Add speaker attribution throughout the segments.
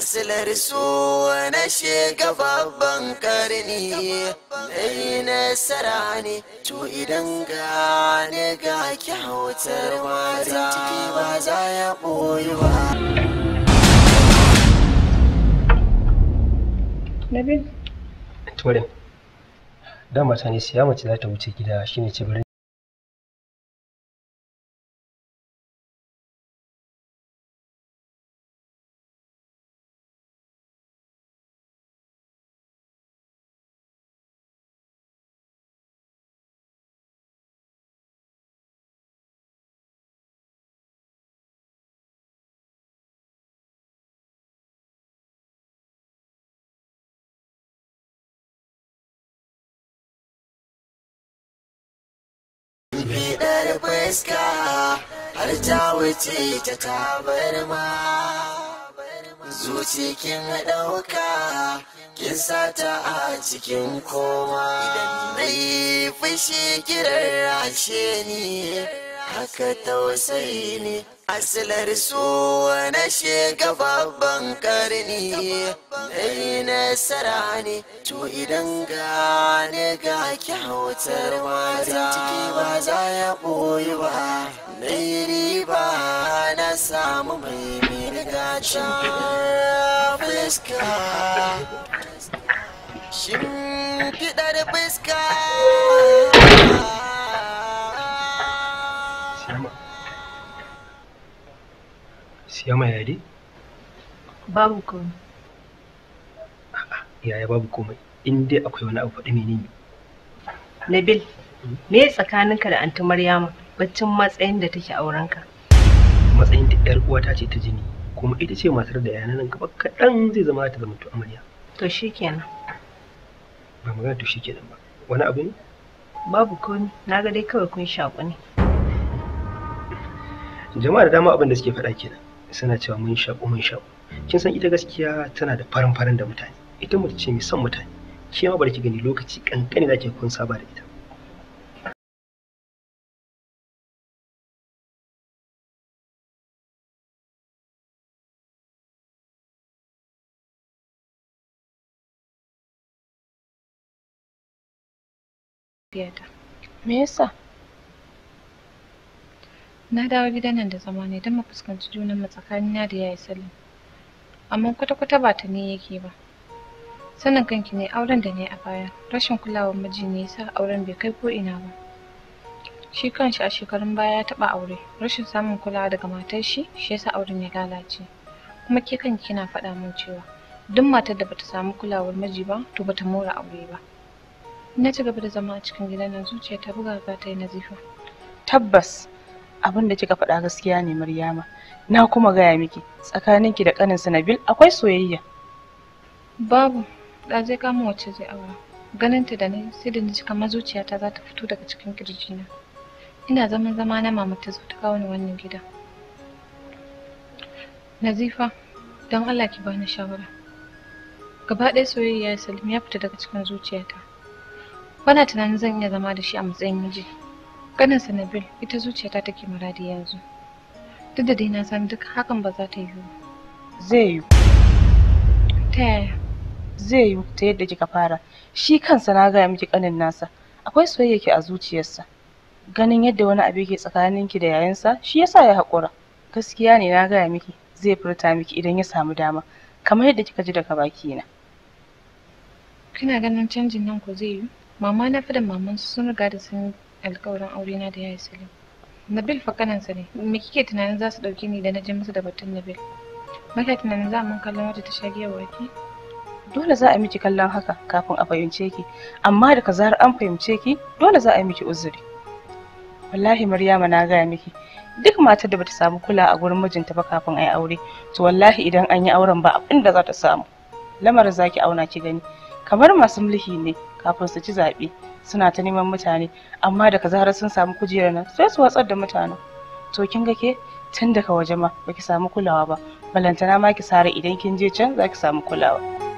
Speaker 1: Asilar su na shiga babban karni mai nasara ne to idan gane ga kyautar mata ciki ba za ya ɓoyi ba.
Speaker 2: Nabil?
Speaker 3: dama ta ne siya mace za ta wuce gida shine ce
Speaker 4: fuska har ta wuce ta tabarma
Speaker 1: zuci kin ɗauka kin sata a cikin koma idan na yi fushi kirar rashe ni haka tausayi ne asilar su na shiga babban karni dai nasara ne to idan gane ga kyautar mata ciki ba za ya boyi ba na riba na samu mai mirga fuska shimfiɗar fuska
Speaker 2: siya mai yadi? Babu komai. Yaya babu komai? In dai akwai wani abu faɗi menene?
Speaker 5: Nabil, me tsakaninka da Anti Maryama baccin matsayin da take aurenka?
Speaker 2: Matsayin da 'yar uwata ce ta jini, kuma ita ce matar da yana nan gaba kaɗan zai zama ta zama to amarya.
Speaker 6: To shikenan.
Speaker 2: Ba magana to shikenan ba. Wani abu ne?
Speaker 6: Babu komai, na ga dai kawai kun shaƙu ne.
Speaker 2: jama'a da dama abin da suke faɗa kenan suna cewa mun shaƙu mun shaƙu kin san ita gaskiya tana da farin farin da mutane ita mutu ce mai son mutane ki ma barki gani lokaci
Speaker 3: kankani da kun saba da ita Me yasa?
Speaker 7: Na dawo gidan nan da zama ne don mu fuskanci mu tsakanin na da yayi Salim. Amma kwata-kwata ba ta ne yake ba. Sanin kanki ne auren da ne a baya, rashin kulawar miji ne yasa auren bai kai ko ina ba. Shi kanshi a shekarun baya ya taɓa aure, rashin samun kulawa daga matar shi shi yasa auren ya lalace. Kuma ke kanki kina faɗa min cewa duk matar da bata samu kulawar miji ba to bata more aure ba. Na ci gaba da zama a cikin gidan nan zuciya ta buga ba ta yi nazifa.
Speaker 5: Tabbas abin da kika faɗa gaskiya ne Maryama na kuma gaya miki tsakaninki da kanin Sanabil akwai soyayya
Speaker 7: babu da je mu wacce je aura. ganin ta da ni sai da ji kamar zuciyata za ta fito daga cikin kirjina ina zaman zama na mama ta zo ta kawo ni wannan gida Nazifa don Allah ki bani shawara gaba ɗaya soyayya ya Salim ya fita daga cikin zuciyata bana tunanin zan iya zama da shi a matsayin miji Ƙaninsa Nabil ita zuciyata take muradi yanzu. Duk da dai na san duk hakan ba za ta yiwu.
Speaker 6: Zai yiwu.
Speaker 5: Ta Zai yiwu ta yadda kika fara. Shi kansa na gaya miki kanin nasa. Akwai soyayya ke a zuciyarsa. Ganin yadda wani abu yake tsakaninki da yayansa shi yasa ya haƙura. Gaskiya ne na gaya miki zai furta miki idan ya samu dama. Kamar yadda kika ji daga na.
Speaker 7: Kina ganin canjin nan ko zai yi Mama na fi da mamansu sun riga da sun alkawarin aure na da yayi Salim. Nabil fa sa ne. Me kike tunanin za su dauke ni da na je musu da batun Nabil? Baka tunanin za mun kallon wata ta shage waki?
Speaker 5: Dole za a miki kallon haka kafin a fahimce ki, amma da ka zarar an fahimce ki, dole za a miki uzuri. Wallahi Maryama na gaya miki, duk matar da bata samu kula a gurin mijinta ba kafin a yi aure, to wallahi idan an yi auren ba abin da za ta samu. Lamarin zaki auna ki gani, kamar masu mulki ne kafin su ci zaɓe. suna ta neman mutane amma daga zarar sun samu kujerar nan sai su watsar da mutane. to kin ga ke tun daga waje ma baki samu kulawa ba balantana ma ki sare idan kin je can zaki samu kulawa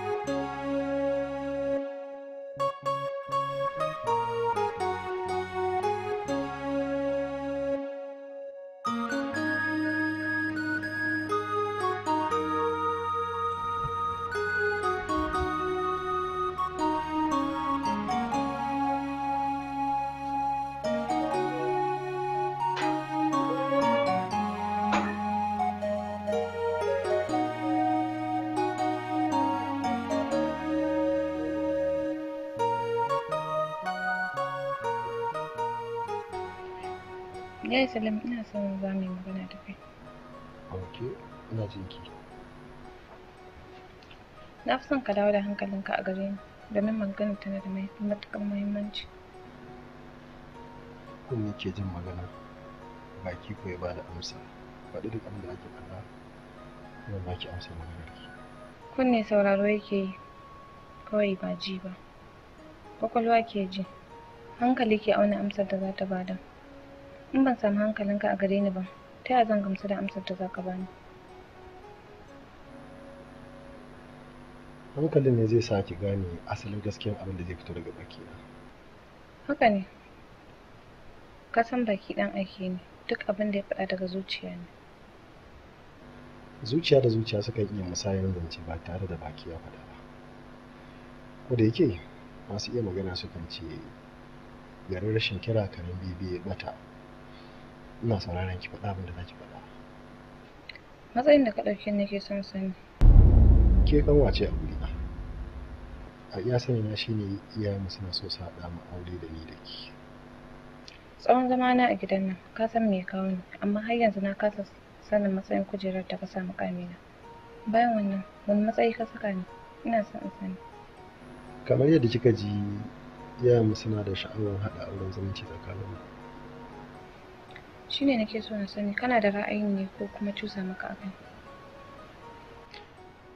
Speaker 8: ina jin ki
Speaker 7: na fi son ka dawo da hankalinka a gare ni domin maganar tana da matuƙar muhimmanci
Speaker 8: kun ke jin magana baki ko ya bada amsa faɗi duk abin da ake faɗa kuma ba ki amsa maganar ki
Speaker 7: kunne sauraro yake yi kawai ba ji ba kwakwalwa ke ji hankali ke auna amsar da za ta bada in ban samu hankalinka a gare ni ba ta yaya zan gamsu da amsar da za ka bani
Speaker 8: hankalin ne zai sa ki gane asalin gaskiyan abin da zai fito daga baki na
Speaker 7: haka ne ka san baki dan aiki ne duk abin da ya faɗa daga zuciya ne
Speaker 8: zuciya da zuciya suka iya musayar zance ba tare da baki ya faɗa ba ko da yake masu iya magana sukan ce garin rashin kira kanin bibi ya bata ina sauraron ki faɗa abin da za ki faɗa
Speaker 7: matsayin da ka ɗauke ke son sani
Speaker 8: ke kan wace a wuri a iya sani na shine iyayenmu suna so su haɗa mu aure da ni da ke
Speaker 7: tsawon zama na a gidan nan ka san me kawo ne amma har yanzu na kasa sanin matsayin kujerar da ka sa mukamina bayan wannan wani matsayi ka saka ni ina son in sani
Speaker 8: kamar yadda kika ji iyayenmu suna da sha'awar haɗa auren zumunci mu.
Speaker 7: shine nake so na sani kana da ra'ayin ne ko kuma cusa maka akan.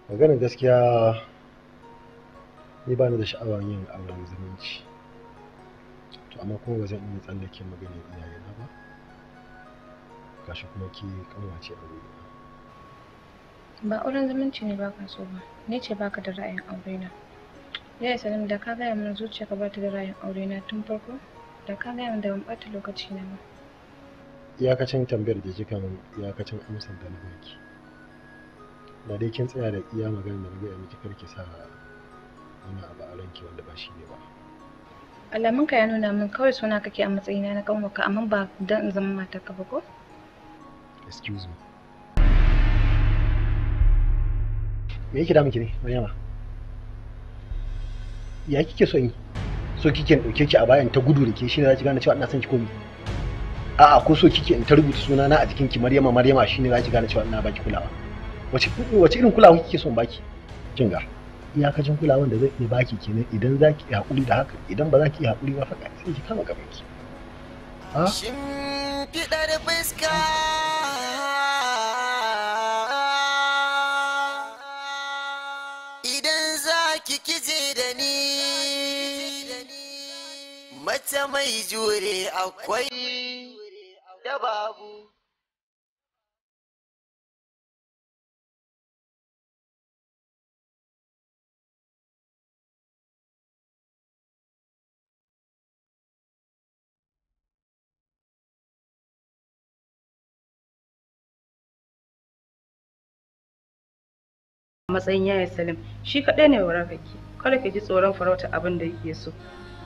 Speaker 8: maganar gaskiya ni ba ni da sha'awar yin auren zumunci to amma kuma ba zan iya tsallake maganin iyayena ba gashi kuma ke kanwace a wuri
Speaker 7: ba auren zumunci ne ba ka so ba ni ce baka da ra'ayin aure na ya salim da ka gaya min zuciya ka ba ta da ra'ayin aure na tun farko da ka gaya min da ban ɓata lokaci na ba
Speaker 8: iyakacin tambayar da kika min iyakacin amsar da na baki da dai kin tsaya da iya maganar da na gaya miki karki sa wani abu a ranki wanda ba shi ne ba
Speaker 7: alamunka ya nuna min kawai suna kake a matsayina na kanwaka amma ba don in zama matarka ba ko
Speaker 2: excuse me
Speaker 8: me yake damunki ne maryama ya kike so yi so kike in dauke ki a bayan ta gudu da ke ne za ki gane cewa ina son ki komi a'a ko so kike in ta rubuta suna na a jikin ki maryama maryama ne za ki gane cewa ina baki kulawa wace irin kulawa kike son baki kin ga iyakacin kulawan da zai iya baki kenan idan za ki haƙuri da haka idan
Speaker 1: ba za ki haƙuri ba faɗa sai ki kama gaban ki. Shimfiɗar idan za ki kije da ni
Speaker 3: mace mai jure akwai da babu. matsayin yaya Salim shi kaɗai ne wararraki kada ki ji tsoron farauta abin da yake so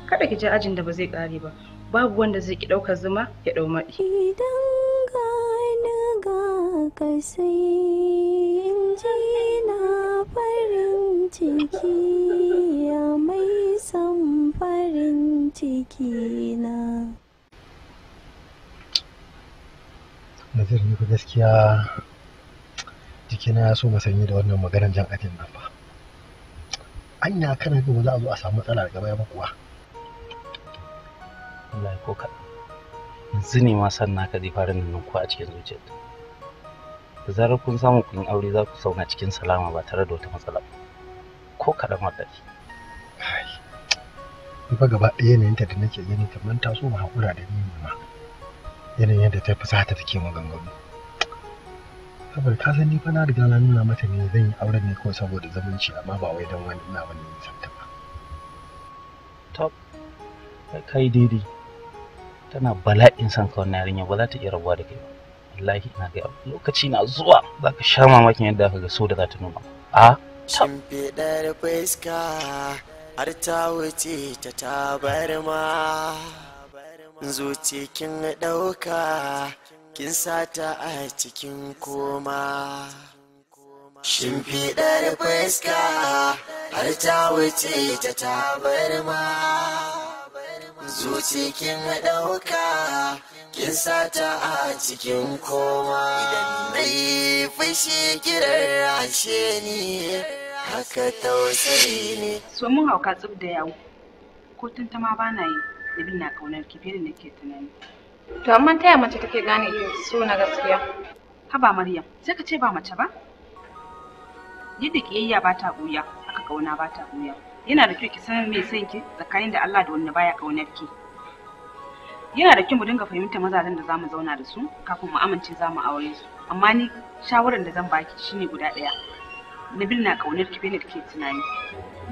Speaker 5: kada ki ji ajin da ba zai ƙare ba babu wanda zai ki ɗaukar zuma ya ɗau maɗi. Idan
Speaker 4: gani ga ka na farin ciki ya mai san
Speaker 6: farin ciki na.
Speaker 8: Nazir ni gaskiya jiki ya so ba sanyi da wannan maganar jan ajin nan ba anya kana ga ba za a zo a samu matsala daga baya ba kuwa
Speaker 2: Allah ko ka yanzu ne ma san naka zai fara nan ku a cikin zuciyar da zarar kun samu kun aure za ku sauna cikin salama ba tare da wata matsala ba? ko kaɗan wallahi
Speaker 8: ni fa gaba ɗaya yanayin ta da nake gani kamar ta so ba haƙura da ni ma yanayin yadda ta ta take maganganu saboda ka san ni fa na riga na nuna mata ne zan yi auren ne kawai saboda zamanci amma ba wai don wani ina bane nisan ba
Speaker 2: top kai daidai tana bala'in san ka wannan yarinya ba za ta iya rabuwa da kai ba wallahi ina ga
Speaker 1: lokaci na zuwa
Speaker 2: za ka sha mamakin yadda aka ga so da za ta nuna a
Speaker 1: shimfiɗar fuska har ta wuce ta tabarma kin ɗauka kin sata a cikin koma shimfiɗar fuska
Speaker 3: har ta wuce ta
Speaker 1: tabarma zuci kin ɗauka kin sata a cikin koma idan mai fushi kirar ashe ni haka tausayi ne so mun hauka tsub da yawo
Speaker 6: ko
Speaker 5: ma ba na yi da bin na kaunar ki fiye da nake tunani To amma taya mace take gane so na gaskiya? Haba Maryam, sai ka ce ba mace ba? Yadda kiyayya ba ta ɓuya, haka ƙauna ba ta ɓuya. Yana da kyau ki san me son ki tsakanin da Allah da wanda baya ƙaunar ki. Yana da kyau mu dinga fahimtar mazajen da zamu zauna da su kafin mu amince za mu aure su. Amma ni shawaran da zan baki shine guda ɗaya. Nabil na ƙaunar ki fiye da kike tunani.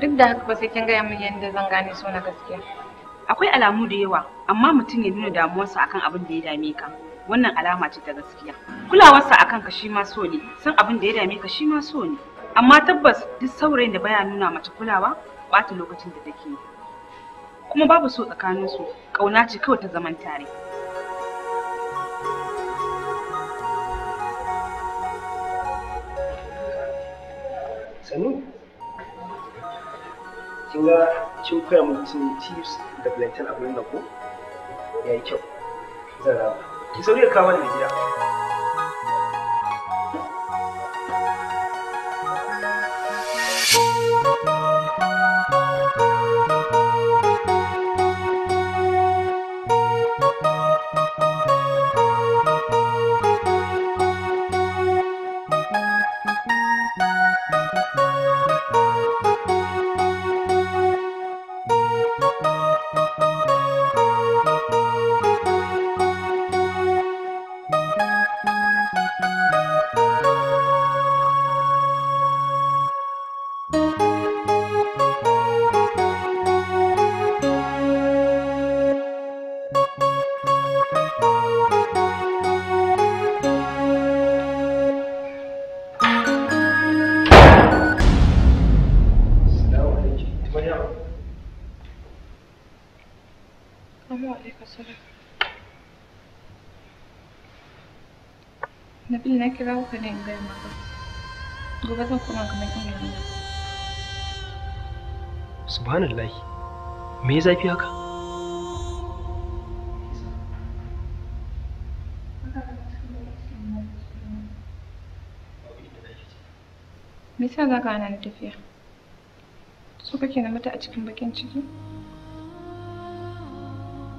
Speaker 7: Duk da haka ba sai kin gaya min yadda zan gane so na gaskiya.
Speaker 5: akwai alamu da yawa amma mutum ya nuna damuwarsa akan abin da ya dame ka wannan alama ce ta gaskiya kulawarsa akan ka shi ma so ne san abin da ya dame ka shi ma so ne amma tabbas duk saurayin da baya nuna mace kulawa bata lokacin da take kuma babu so tsakaninsu ƙauna ce kawai ta zaman tare
Speaker 2: sanu kin ga cin mutum tips da plantain abin da ku ya yi kyau zan raba ki sauri da kawo da gida
Speaker 7: Assalamu alaikum salam. Nabil na kira ka ne in gaya maka. Gobe zan koma kamar yin yana.
Speaker 2: Subhanallah. Me ya zafi haka?
Speaker 7: Me yasa za ka hana tafiya? so kake na mata a cikin bakin ciki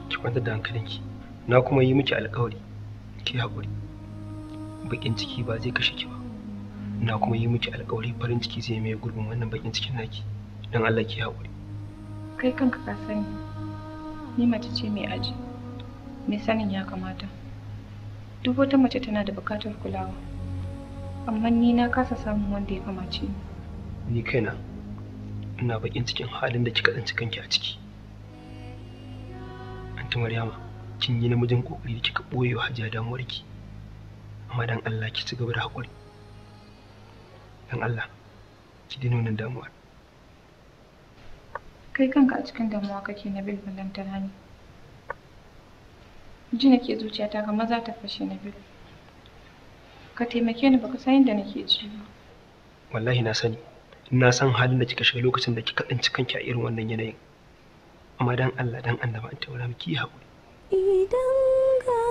Speaker 2: ki kwantar da hankalinki na kuma yi miki alkawari ki haƙuri bakin ciki ba zai kashe ki ba na kuma yi miki alkawari farin ciki zai mai gurbin wannan bakin cikin naki don Allah ki haƙuri
Speaker 7: kai kanka ka sani ni mace ce mai aji Me sanin ya kamata duk wata mace tana da buƙatar kulawa amma ni na kasa samun wanda ya kamace ni
Speaker 2: ni kaina ina bakin cikin halin da kika tsinci kanki a ciki anti maryama kin yi namijin kokari da kika boye wa hajiya ki? amma dan Allah ki cigaba da hakuri dan Allah ki dina wannan damuwar
Speaker 7: kai kanka a cikin damuwa kake na bilbalan tarani ji nake zuciyata ga maza ta fashe na bil ka taimake ni baka san yadda nake ji ba
Speaker 2: wallahi na sani na san halin da kika shiga lokacin da kika tsinci kanki a irin wannan yanayin amma dan Allah dan annaba an taura miki
Speaker 4: haƙuri idan ga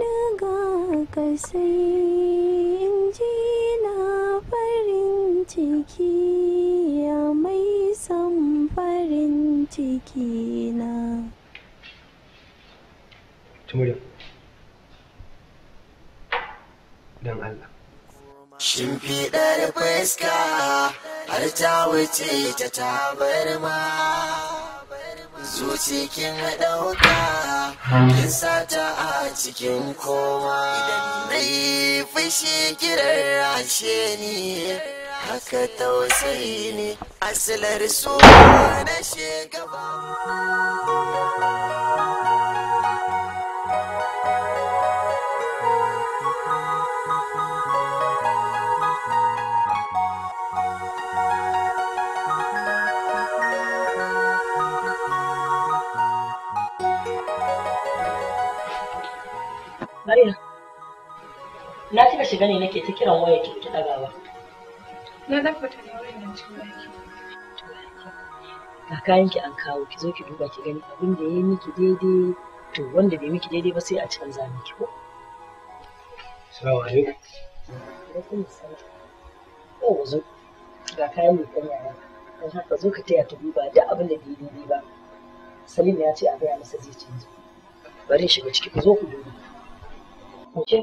Speaker 4: na ga
Speaker 9: ka sai in ji na farin ciki ya mai san farin ciki na
Speaker 2: Tumuriya,
Speaker 1: don Allah. Shimfiɗar
Speaker 4: fuska
Speaker 1: har ta wuce ta tabarma zuci kin ɗauka kin ta a cikin koma idan na yi fushi kiran rashe ni haka tausayi ne asilar su na shekaba
Speaker 5: Maryam,
Speaker 9: na kika shiga ne nake ta kiran waya ki ta daga ba.
Speaker 7: Na dafa ta ne wayan cikin
Speaker 4: waki.
Speaker 9: Ga kayan ki an kawo ki zo ki duba ki gani abin da ya yi miki daidai to wanda bai miki daidai ba sai a canza miki ko.
Speaker 3: Assalamu alaikum.
Speaker 9: Alaikum assalam. Yau zo ga kayan mu kan yara. Don haka zo ka taya ta duba duk abin da bai daidai ba. Salim ya
Speaker 3: ce a gaya masa zai canza. Bari shiga ciki ku zo ku duba. 你去。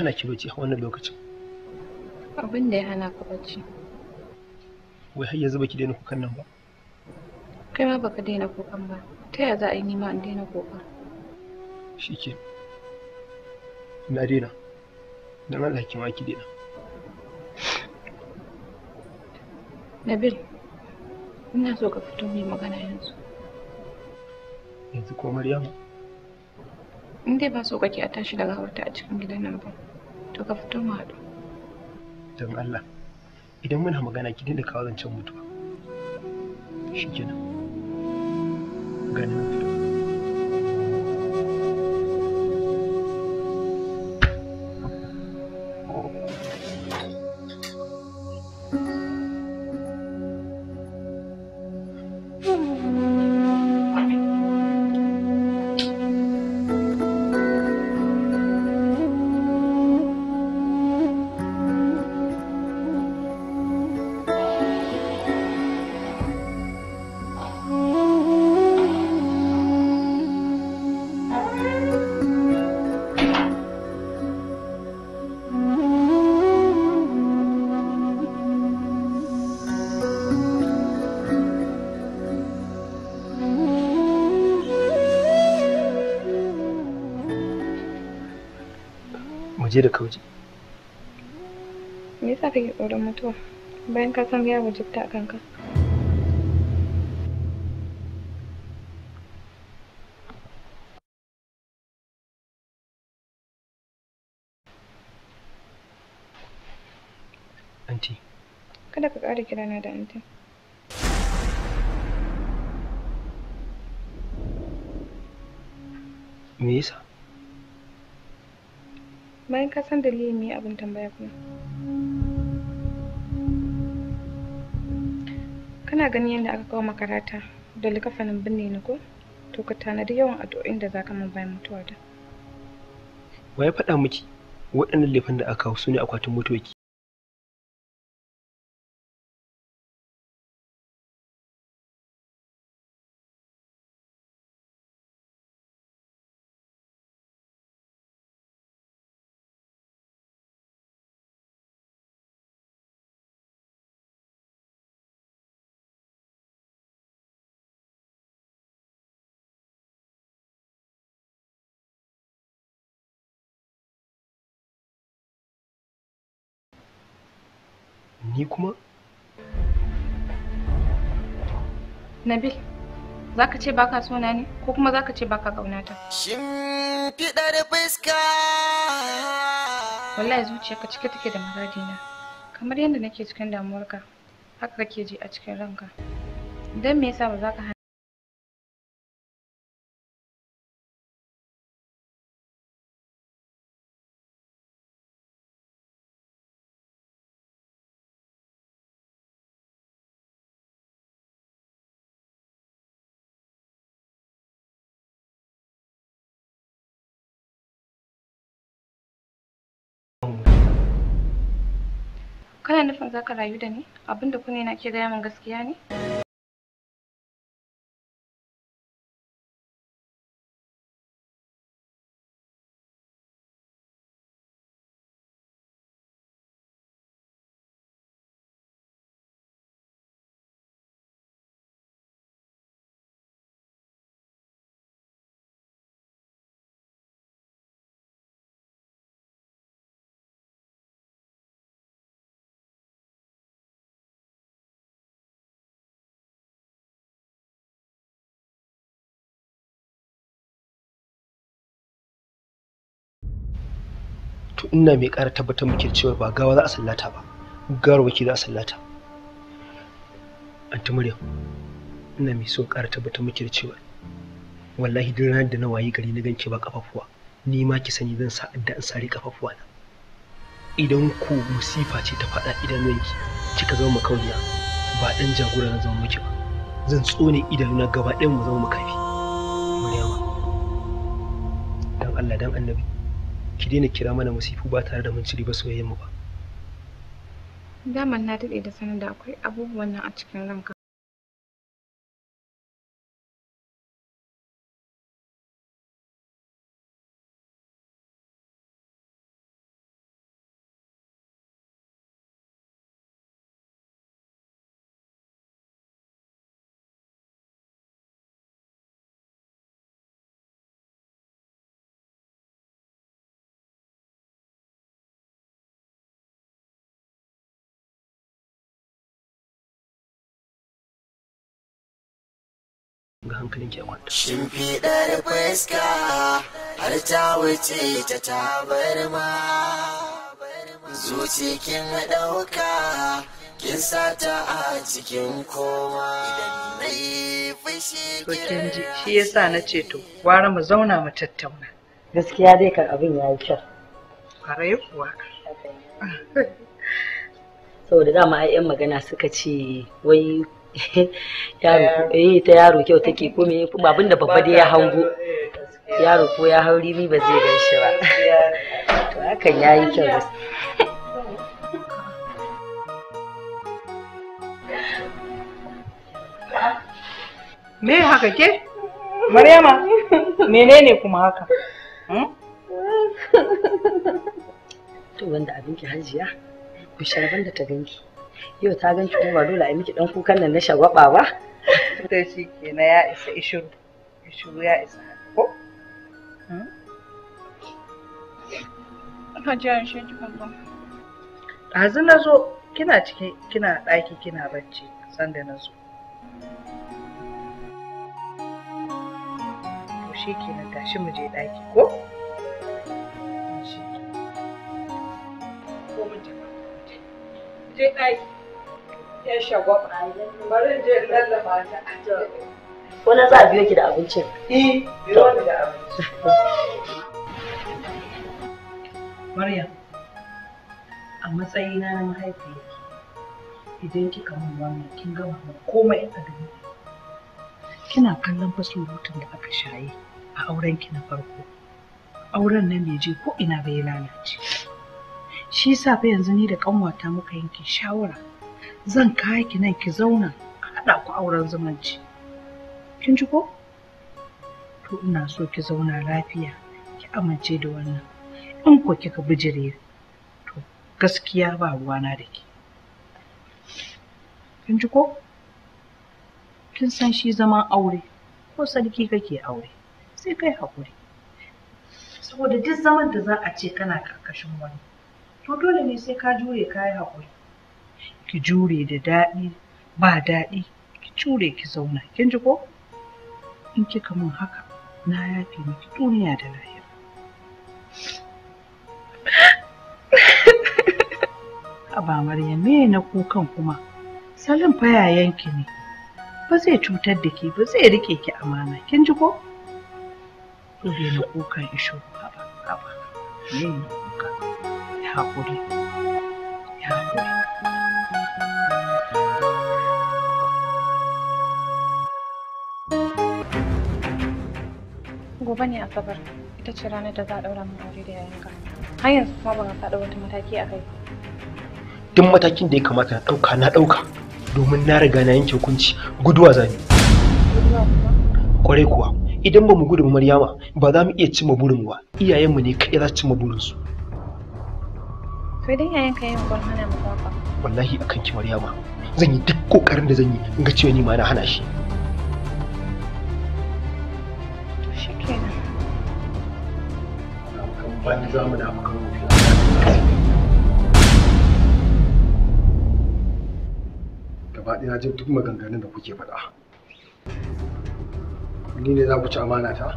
Speaker 2: hana ki bacci a wannan lokacin
Speaker 7: abin da ya hana ka bacci
Speaker 2: wai har yanzu baki daina kukan nan ba
Speaker 7: kai ma baka daina kukan ba ta yaya za a yi nima in daina kukan
Speaker 2: ke. na daina dan Allah ki ma ki daina
Speaker 7: Nabil ina so ka fito mai magana yanzu
Speaker 2: yanzu ko Maryam
Speaker 7: in dai ba so kake a tashi daga hawarta a cikin gidan nan ba to ka fito mu haɗu
Speaker 2: don Allah idan muna magana ki dinga kawo zancen mutuwa shi shikenan ganin fito je da kauje
Speaker 7: me yasa kake tsoron mutuwa bayan ka san ya wajibta a kanka anti kada ka ƙara kirana da anti me yasa bayan ka san dalilin me abin tambaya kuma kana ganin yadda aka kawo makarata da likafanin binne ni ko to ka tanadi yawan addu'o'in da za ka min bayan mutuwa da
Speaker 3: wa ya faɗa miki waɗannan laifin da aka kawo su ne akwatin motoki? Ni kuma? Nabil,
Speaker 7: za ce baka sona ne ko kuma zaka ce baka ƙaunata? Shimfiɗar fuska. Wallahi zuciyarka cike take da na Kamar
Speaker 3: yadda nake cikin damuwarka, haka kake ji a cikin ranka. Don me yasa ba za ka Kana nufin zaka rayu da ni? Abin na ke gaya min gaskiya ne? to ina mai ƙara tabbatar muke cewa ba gawa za a sallata
Speaker 2: ba wake za a sallata anti maryam ina mai so ƙara tabbatar muke cewa wallahi duk ranar da na wayi gari na ganke ba kafafuwa ni ma ki sani zan sa adda in sare kafafuwa na idan ku musifa ce ta faɗa idanunki kika zama makauniya ba ɗan jagora na zama miki ba zan tsone idanuna gaba ɗayan mu zama makafi muryawa dan Allah dan annabi ki daina kira mana masifu ba tare da mun ciri ba soyayyar mu ba
Speaker 3: daman na daɗe da sanin da akwai abubuwan nan a cikin ranka ga hankalin ki a kwanta shimfiɗar fuska har ta
Speaker 1: wuce ta tabarma zuci kin ɗauka kin sata a cikin koma
Speaker 6: to ji shi yasa na ce to mu zauna mu tattauna gaskiya dai
Speaker 9: kan abin ya yayi kyau
Speaker 6: kwarai kuwa
Speaker 9: saboda dama ai magana suka ce wai yaro eh, ta yaro kyau take ko me kuma babba dai ya hango eh, yaro ko ya hauri ni ba zai gan
Speaker 4: ba
Speaker 6: me haka ke
Speaker 4: maryama menene
Speaker 6: kuma haka hmm?
Speaker 9: yau ta gan kuma ba dole a yi miki dan kukan nan na shagwaba ba
Speaker 6: ta shi kenan ya isa ishuru ishuru ya isa ko hmm? jiya shi ki babba. Ɗazu na zo kina ciki kina ɗaki kina bacci sanda na zo. To shi kenan tashi mu je ɗaki ko? je ɗaki. Ya shagwaba. Bari je lallaba ta.
Speaker 9: Wani za a biyo ki da abincin? Eh,
Speaker 2: biyo ni da abincin.
Speaker 6: Maryam, a matsayina na mahaifiyar ki, idan kika mun wannan kin gama komai a duniya. Kina kallon fasin hutun da aka shaye a auren ki na farko. Auren nan ne je ko ina bai lalace. shi sa fa yanzu ni da kanwata muka yanke shawara zan kaya ki nan ki zauna a haɗa ku auren zumunci kin ji ko to ina so ki zauna lafiya ki amince da wannan in ko kika bijire to gaskiya ba ruwana da ke kin ji ko kin san shi zaman aure ko sarki kake aure sai kai haƙuri saboda duk zaman da za a ce kana karkashin wani to dole ne sai ka jure ka yi haƙuri ki jure da daɗi ba daɗi ki jure ki zauna kin ji ko in kika min haka na yafe miki duniya da lahira Aba Maryam me na kukan kuma salin fa ki ne ba zai cutar da ke ba zai rike ki amana kin ji ko? Ku na kukan isho ba
Speaker 4: Haba, ba. Me na kukan? haƙuri ya
Speaker 7: gobe ne asabar ita ce ranar da za a ɗaura mun aure da yayanka har yanzu kuma ban sa wata mataki a kai
Speaker 2: duk matakin da ya kamata na ɗauka na ɗauka domin na riga na yanke hukunci guduwa zani kwarai kuwa idan ba mu gudu maryama ba za mu iya cimma burin ba iyayenmu ne kaɗai za su cimma burinsu
Speaker 7: Ka daina yanka yin gol hana mu kwakwa.
Speaker 2: Wallahi akan ki Maryama. Zan yi duk kokarin da zan yi in ga cewa ni ma na hana shi. Shikenan. Ban za mu na muka
Speaker 8: Gaba ɗaya na ji duk maganganun da kuke faɗa. Ni ne za ku ci amana ta?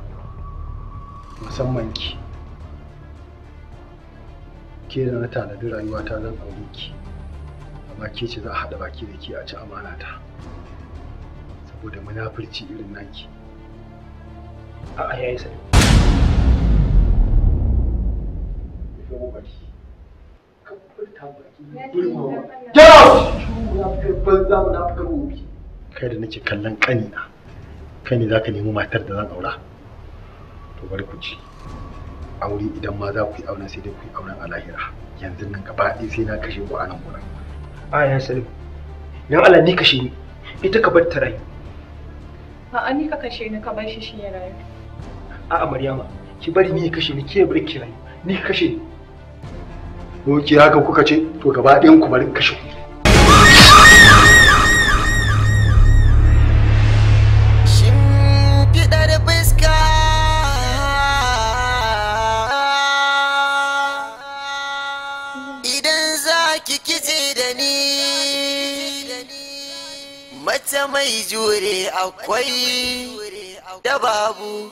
Speaker 8: Musamman ki. ke da na tanadi rayuwata zan aure ki amma ke ce za a haɗa baki da ke a ci amana ta, saboda munafurci
Speaker 2: irin naki a'a yayi sai
Speaker 8: kai da nake kallon kanina kai ne za ka nemi matar da zan aura to bari ku ci aure idan ma za ku yi auren sai dai ku yi auren a lahira yanzu nan gaba ɗaya sai na kashe ku a nan gurin
Speaker 2: a ya salim dan Allah ni kashe ni ita ka bar ta rayu
Speaker 7: a'a ni ka kashe ni ka bar shi shi ya rayu
Speaker 2: a'a maryama ki bari ni kashe ni ke bari
Speaker 8: ki rayu ni kashe ni ko ki haka kuka ce to gaba ɗayan ku bari kashe ku
Speaker 1: jure akwai
Speaker 3: dababu.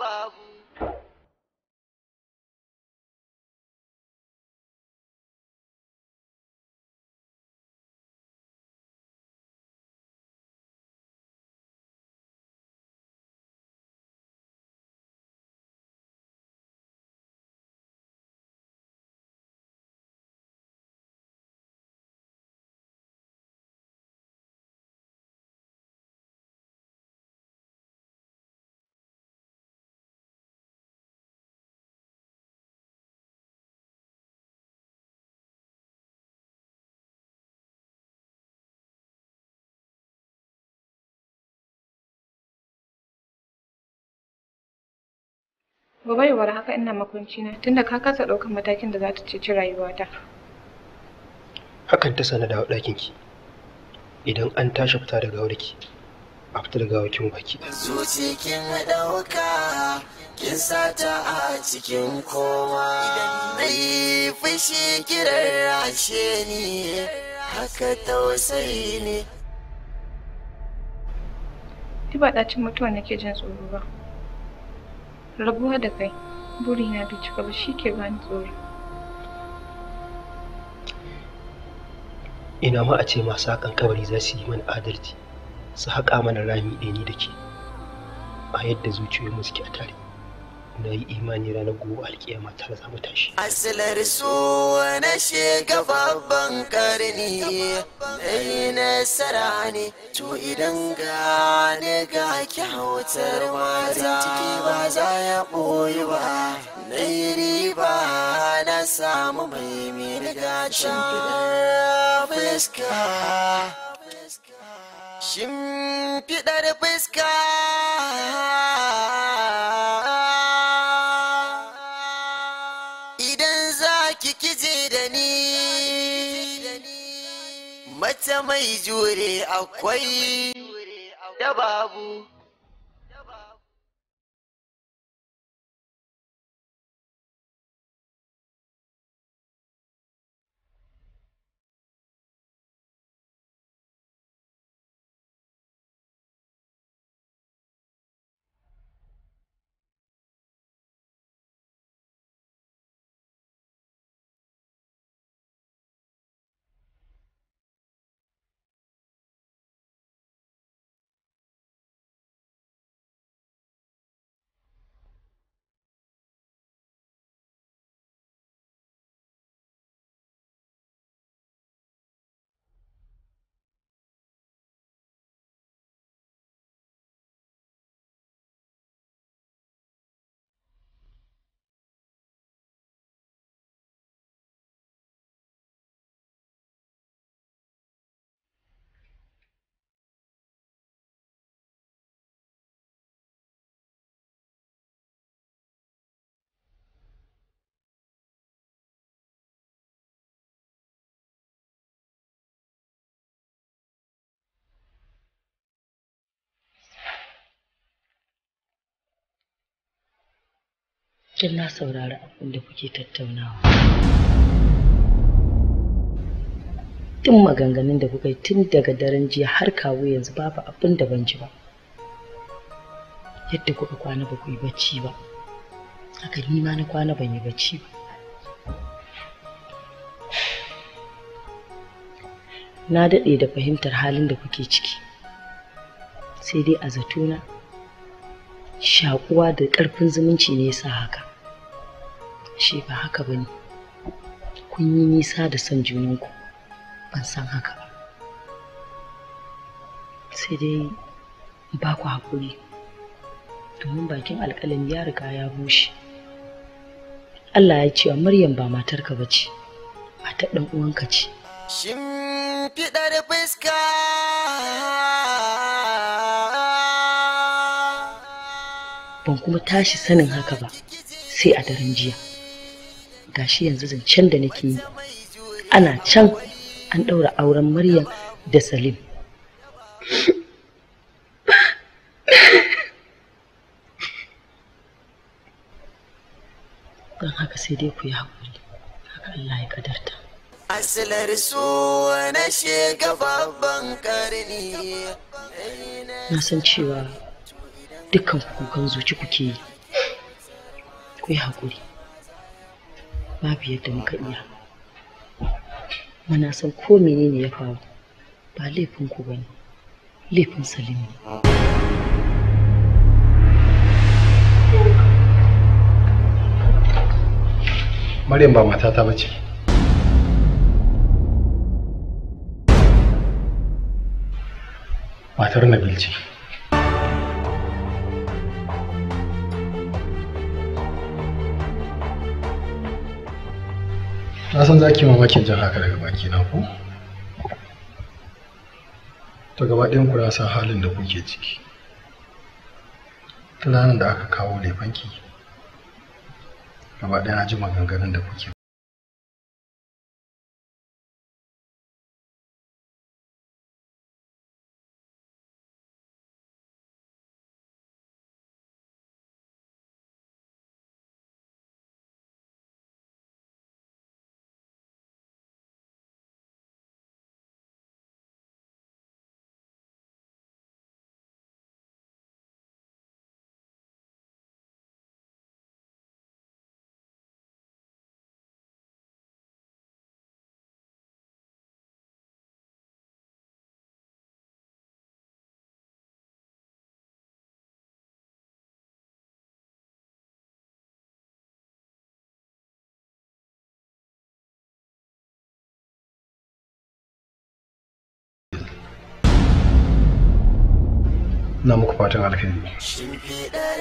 Speaker 3: babu Gobe yawar haka ina na tunda ka kasa ɗaukar matakin da za ta ceci rayuwata.
Speaker 2: Hakan ta sana dawo ɗakinki. Idan an tashi fita daga wurki, a fita daga
Speaker 1: wakin baki. Zuci kin ɗauka, kin sata a cikin koma. dai fushi rashe ni, haka tausayi ne.
Speaker 7: Ni ba ɗacin mutuwa nake jin tsoro ba. rabuwa da kai burina bai cika ba shi ke bani tsoro
Speaker 2: ina ma a ce masu haƙan kabari za su yi mana adalci su haƙa mana rami ɗaya ni da ke a yadda zuciyoyinmu suke a tare na yi imani ranar gobe
Speaker 1: alkiyama tare za mu tashi. Asilar su na shiga babban karni na yi nasara ne to idan gane ga kyautar mata ciki ba za ya ɓoyi ba na yi riba na samu mai mini gacin fuska. Shimfiɗar fuska.
Speaker 3: da mai jure akwai da babu Kin na saurari
Speaker 9: abin kuke tattaunawa tun maganganun da kuka yi tun daga daren jiya har kawo yanzu babu abin da ban ji ba yadda kuka kwana ba ku yi bacci ba haka ni ma na kwana ban yi bacci ba na daɗe da fahimtar halin da kuke ciki sai dai a zatuna shakuwa da ƙarfin zumunci ne ya sa haka shi ba haka ba kun yi nisa da son juninku ban san haka ba sai dai ba ku haƙuri domin bakin alƙalin ya riga ya bushe Allah ya ce Maryam ba matarka ba ce matar ɗan uwanka ce
Speaker 1: shimfiɗar fuska
Speaker 9: ban kuma tashi sanin haka ba sai a daren jiya gashi yanzu zancen da nake yi ana can an ɗaura auren maryam da salim don haka sai dai ku yi haƙuri haka allah ya kadarta
Speaker 1: asilar su na karni
Speaker 9: na san cewa dukkan kukan zuci kuke yi ku yi haƙuri babu yadda muka iya muna san ko menene ya faru ba laifin ku bane laifin salimu.
Speaker 8: Maryam ba matata bace. Matar Nabil ce. na san zaki ma makin jan haka daga baki na ku to gaba ɗayan ku na san halin da kuke ciki
Speaker 4: tunanin da aka kawo laifanki
Speaker 3: gaba ɗaya na ji maganganun da kuke ina muku
Speaker 8: fatan alkhairi
Speaker 1: shimfiɗar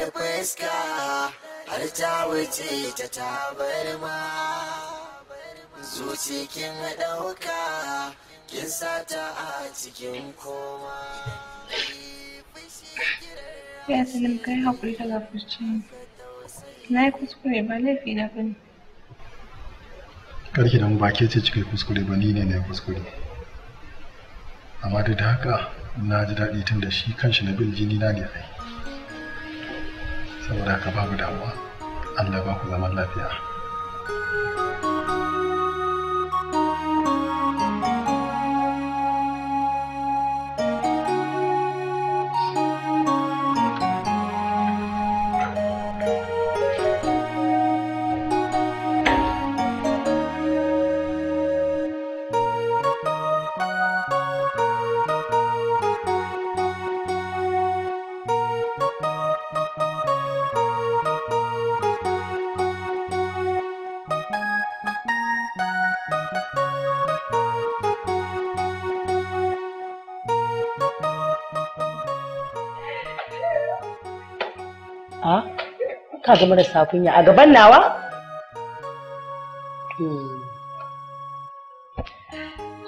Speaker 1: ta a cikin koma
Speaker 7: ya salim kai haƙuri da gafarci na yi kuskure ba laifi na bane
Speaker 8: karki da mu ba ke ce cikin kuskure ba ni ne na kuskure amma duk da haka na ji daɗi tun da shi kanshi na bin jini na ne ai saboda haka babu damuwa Allah ba ku zaman lafiya
Speaker 9: kaga marasa kunya a gaban nawa hmm.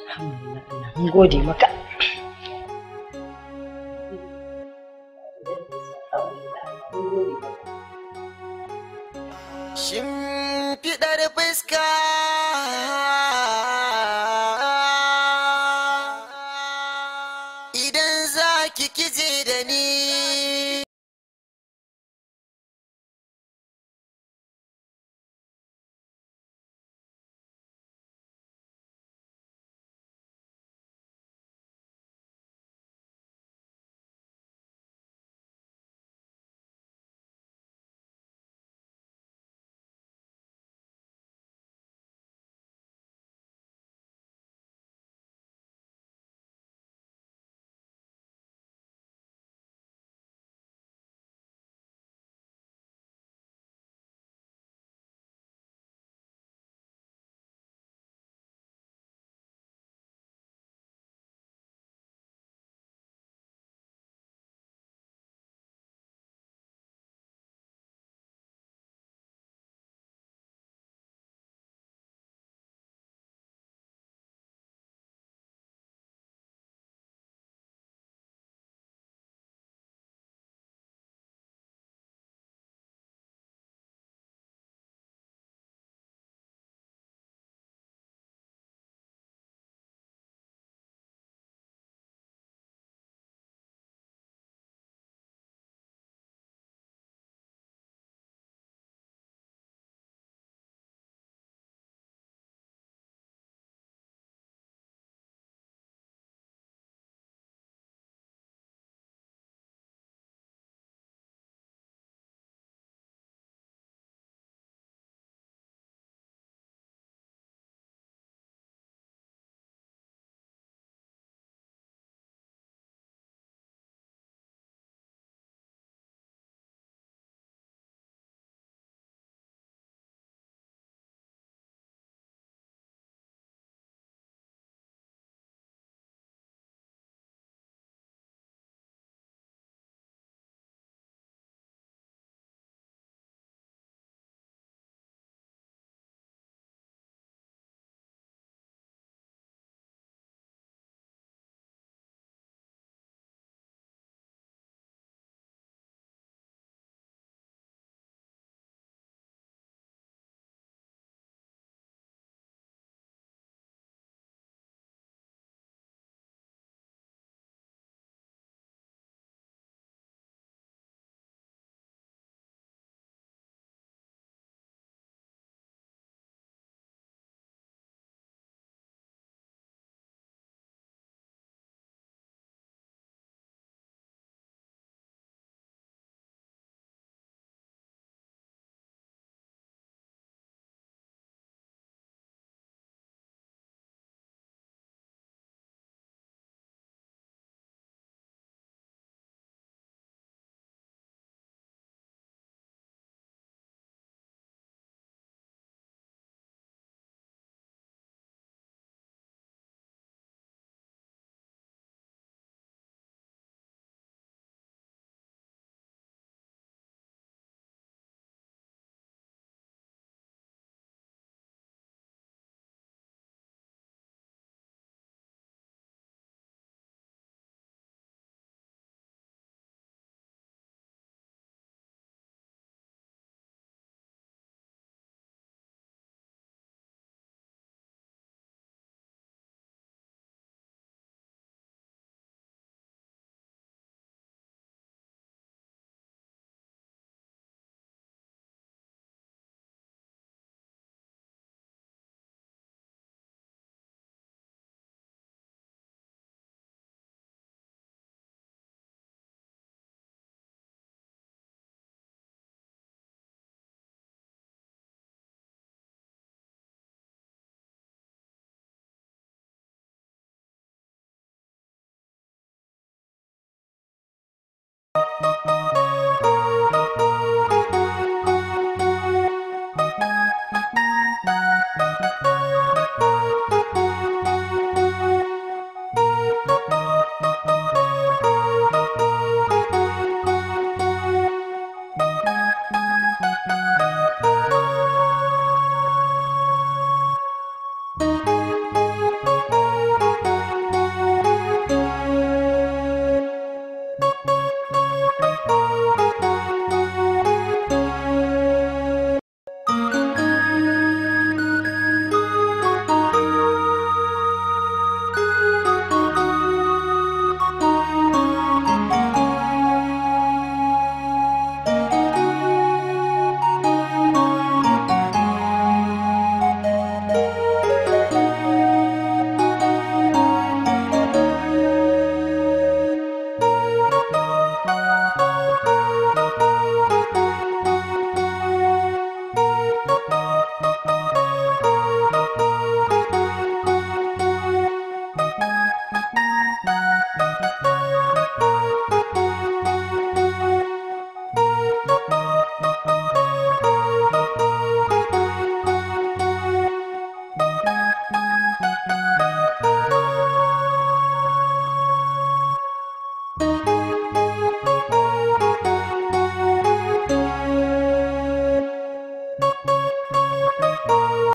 Speaker 9: alhamdulillah ngode maka